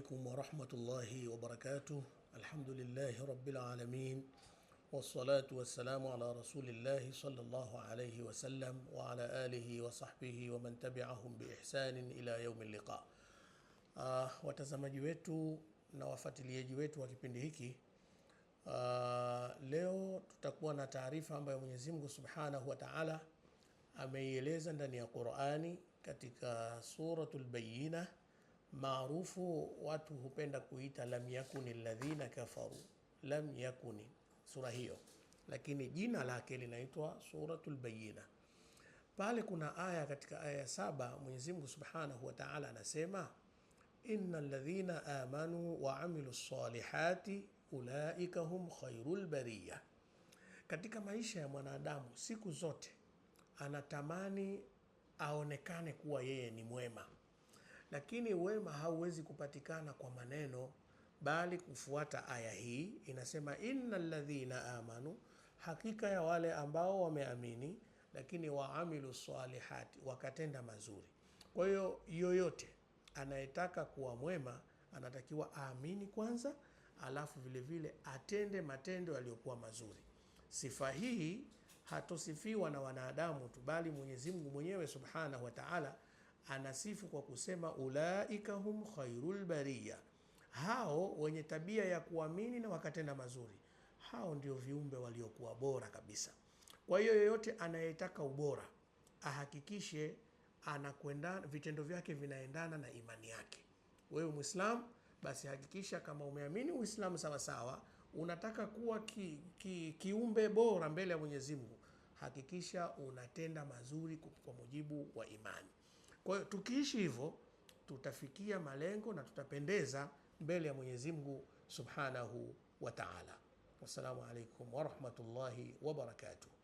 عليكم ورحمة الله وبركاته الحمد لله رب العالمين والصلاة والسلام على رسول الله صلى الله عليه وسلم وعلى آله وصحبه ومن تبعهم بإحسان إلى يوم اللقاء آه وتزم جويتو نوافت اليجويتو وكبندهيكي آه leo tutakuwa na taarifa ambayo Mwenyezi Mungu Subhanahu wa Ta'ala ameieleza ndani ya maarufu watu hupenda kuita lam yakuni alladhina kafaru, lam yakuni sura hiyo, lakini jina lake linaitwa suratul Bayina. Pale kuna aya katika aya ya saba, Mwenyezi Mungu Subhanahu wa Ta'ala anasema ina ladhina amanu wa amilu salihati ulaika hum khairul bariya. Katika maisha ya mwanadamu siku zote anatamani aonekane kuwa yeye ni mwema lakini wema hauwezi kupatikana kwa maneno, bali kufuata aya hii inasema, innal ladhina amanu, hakika ya wale ambao wameamini, lakini waamilu salihati, wakatenda mazuri. Kwa hiyo yoyote anayetaka kuwa mwema anatakiwa aamini kwanza, alafu vilevile vile atende matendo yaliyokuwa mazuri. Sifa hii hatosifiwa na wanadamu tu, bali Mwenyezi Mungu mwenyewe subhanahu wa taala anasifu kwa kusema ulaika hum khairul bariya, hao wenye tabia ya kuamini na wakatenda mazuri, hao ndio viumbe waliokuwa bora kabisa. Kwa hiyo yoyote anayetaka ubora ahakikishe anakwenda vitendo vyake vinaendana na imani yake. Wewe Mwislamu, basi hakikisha kama umeamini Uislamu sawasawa, unataka kuwa ki, ki, kiumbe bora mbele ya Mwenyezi Mungu, hakikisha unatenda mazuri kwa mujibu wa imani. Kwa hiyo tukiishi hivyo tutafikia malengo na tutapendeza mbele ya Mwenyezi Mungu Subhanahu wa Ta'ala. Wassalamu alaikum warahmatullahi wabarakatuh.